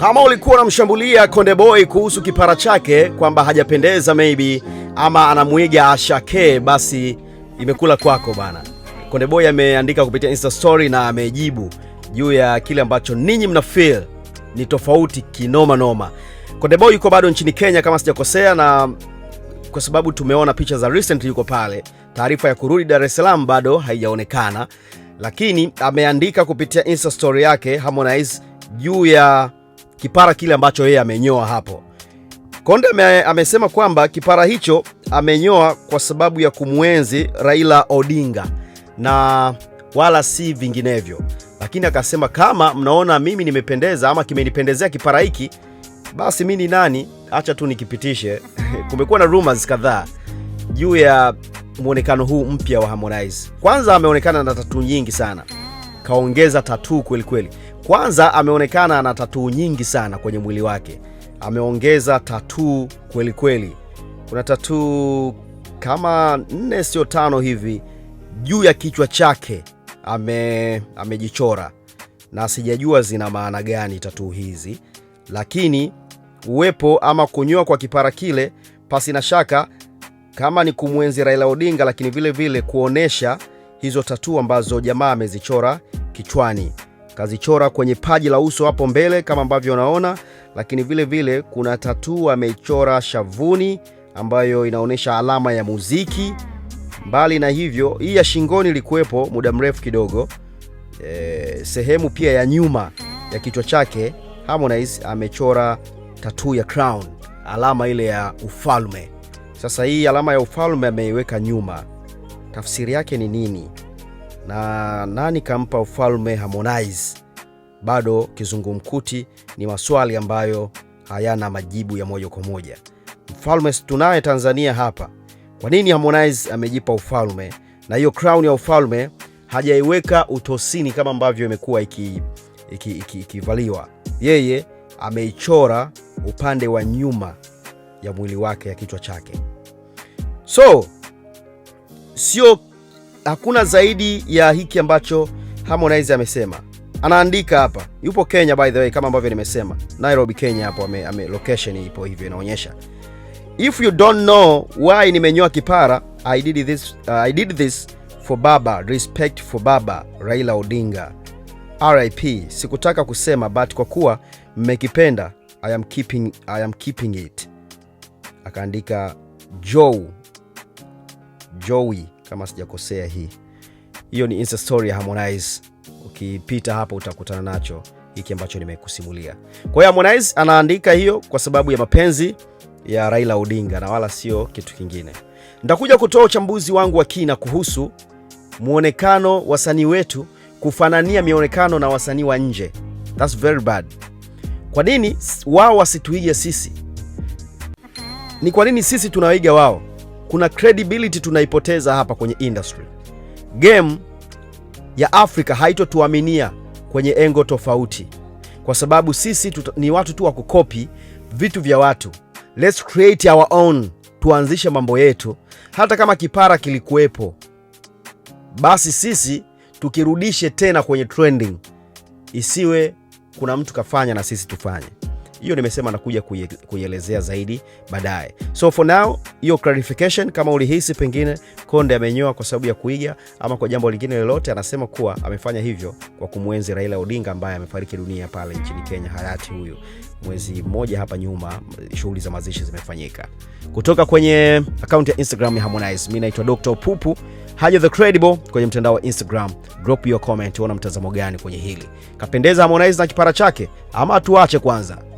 Kama ulikuwa unamshambulia Konde Boy kuhusu kipara chake kwamba hajapendeza maybe ama anamwiga Ashake, basi imekula kwako bana. Konde Boy ameandika kupitia Insta story na amejibu juu ya kile ambacho ninyi mna feel ni tofauti kinoma noma. Konde Boy yuko bado nchini Kenya kama sijakosea, na kwa sababu tumeona picha za recent yuko pale, taarifa ya kurudi Dar es Salaam bado haijaonekana, lakini ameandika kupitia Insta story yake Harmonize juu ya kipara kile ambacho yeye amenyoa hapo. Konde ame, amesema kwamba kipara hicho amenyoa kwa sababu ya kumwenzi Raila Odinga na wala si vinginevyo, lakini akasema kama mnaona mimi nimependeza ama kimenipendezea kipara hiki, basi mi ni nani, acha tu nikipitishe. Kumekuwa na rumors kadhaa juu ya mwonekano huu mpya wa Harmonize. Kwanza ameonekana na tatu nyingi sana, kaongeza tatu kwelikweli. Kwanza ameonekana na tatuu nyingi sana kwenye mwili wake, ameongeza tatuu kweli kweli. Kuna tatuu kama nne, sio tano hivi juu ya kichwa chake ame, amejichora na sijajua zina maana gani tatuu hizi, lakini uwepo ama kunyoa kwa kipara kile, pasi na shaka kama ni kumwenzi Raila Odinga, lakini vile vile kuonesha hizo tatuu ambazo jamaa amezichora kichwani kazichora kwenye paji la uso hapo mbele kama ambavyo unaona, lakini vile vile kuna tatuu ameichora shavuni ambayo inaonyesha alama ya muziki. Mbali na hivyo, hii ya shingoni ilikuwepo muda mrefu kidogo. E, sehemu pia ya nyuma ya kichwa chake Harmonize amechora tatuu ya crown, alama ile ya ufalme. Sasa hii alama ya ufalme ameiweka nyuma, tafsiri yake ni nini? na nani kampa ufalme Harmonize? Bado kizungumkuti, ni maswali ambayo hayana majibu ya moja kwa moja. Mfalme tunaye Tanzania hapa. Kwa nini Harmonize amejipa ufalme? Na hiyo crown ya ufalme hajaiweka utosini kama ambavyo imekuwa ikivaliwa iki, iki, iki, yeye ameichora upande wa nyuma ya mwili wake ya kichwa chake, so sio hakuna zaidi ya hiki ambacho Harmonize amesema. Anaandika hapa, yupo Kenya by the way, kama ambavyo nimesema Nairobi, Kenya. Hapo ame, ame location ipo hivyo inaonyesha If you don't know why nimenyoa kipara I did this, uh, I did this for baba respect for baba Raila Odinga RIP. Sikutaka kusema but kwa kuwa mmekipenda I am keeping, I am keeping it. Akaandika Joe Joey kama sijakosea hii. Hiyo ni Insta story ya Harmonize, ukipita hapo utakutana nacho hiki ambacho nimekusimulia. Kwa hiyo Harmonize anaandika hiyo kwa sababu ya mapenzi ya Raila Odinga na wala sio kitu kingine. ntakuja kutoa uchambuzi wangu wa kina kuhusu muonekano wasanii wetu kufanania mionekano na wasanii wa nje. That's very bad. Kwa nini wao wasituige sisi? Ni kwa nini sisi tunawaiga wao? kuna credibility tunaipoteza hapa kwenye industry. Game ya Afrika haitotuaminia kwenye engo tofauti, kwa sababu sisi tuta, ni watu tu wa kukopi vitu vya watu. Let's create our own, tuanzishe mambo yetu. Hata kama kipara kilikuwepo, basi sisi tukirudishe tena kwenye trending, isiwe kuna mtu kafanya na sisi tufanye hiyo nimesema nakuja kuielezea zaidi baadaye. So for now, hiyo clarification. Kama ulihisi pengine Konde amenyoa kwa sababu ya kuiga ama kwa jambo lingine lolote, anasema kuwa amefanya hivyo kwa kumwenzi Raila Odinga ambaye amefariki dunia pale nchini Kenya, hayati huyu, mwezi mmoja hapa nyuma shughuli za mazishi zimefanyika. Kutoka kwenye account ya Instagram ya Harmonize, mimi naitwa Dr. Pupu Haja the Credible kwenye mtandao wa Instagram. Drop your comment, uona mtazamo gani kwenye hili? Kapendeza Harmonize na kipara chake ama tuache kwanza?